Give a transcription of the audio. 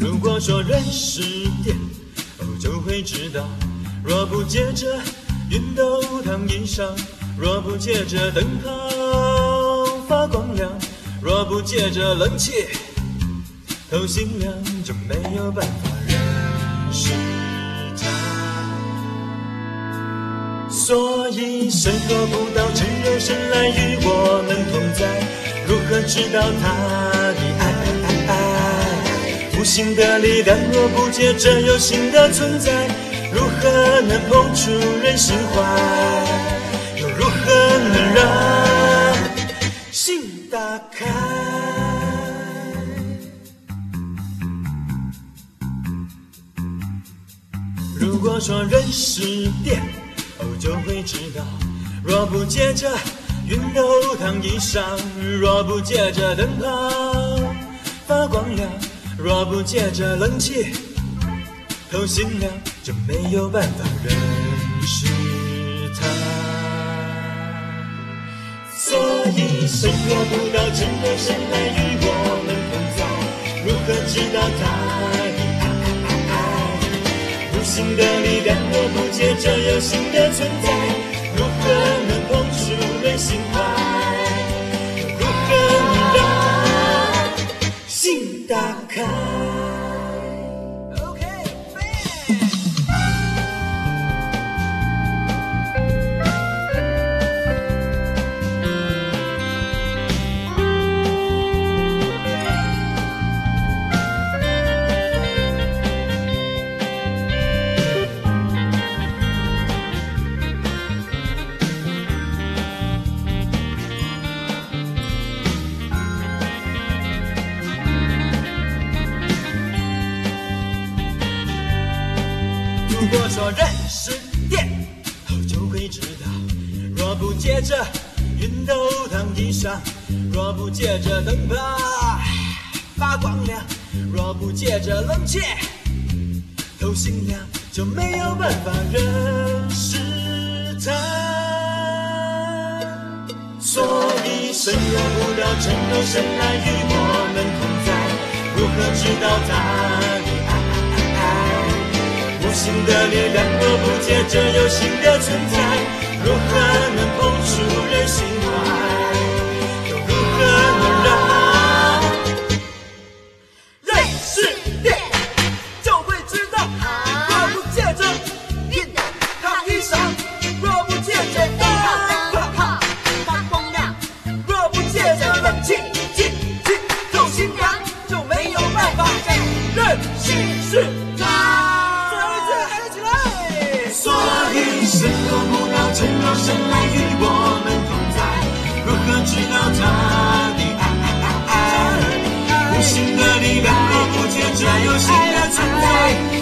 .如果說認識電，我、哦、就會知道。若不借着熨斗燙衣裳，若不借着燈泡發光亮，若不借着冷氣透心涼，就沒有辦法認識他。所以，神若不道成肉身來與我們同在，如何知道他的愛？無形的力量，若不借着有形的存在，如何能碰觸人心懷？又如何能讓心打開？如果說認識電，喔就會知道，若不借着熨斗燙衣裳，若不借着燈泡發光亮。若不借着冷氣透心涼，就沒有辦法認識他。所以，神若不道成肉身來與我們同在，如何知道他的愛？無形的力量若不借着有形的存在。如果說認識電喔就會知道；若不借着熨斗燙衣裳，若不借着燈泡發光亮，若不借着冷氣透心涼，就沒有辦法認識它。所以，神若不道成肉身來與我們同在，如何知道它？無形的力量若不藉著有形的存在。如何？神若不道成肉身來與我們同在。如何知道他的愛、愛、愛、愛？無形的力量若不藉著有形的存在。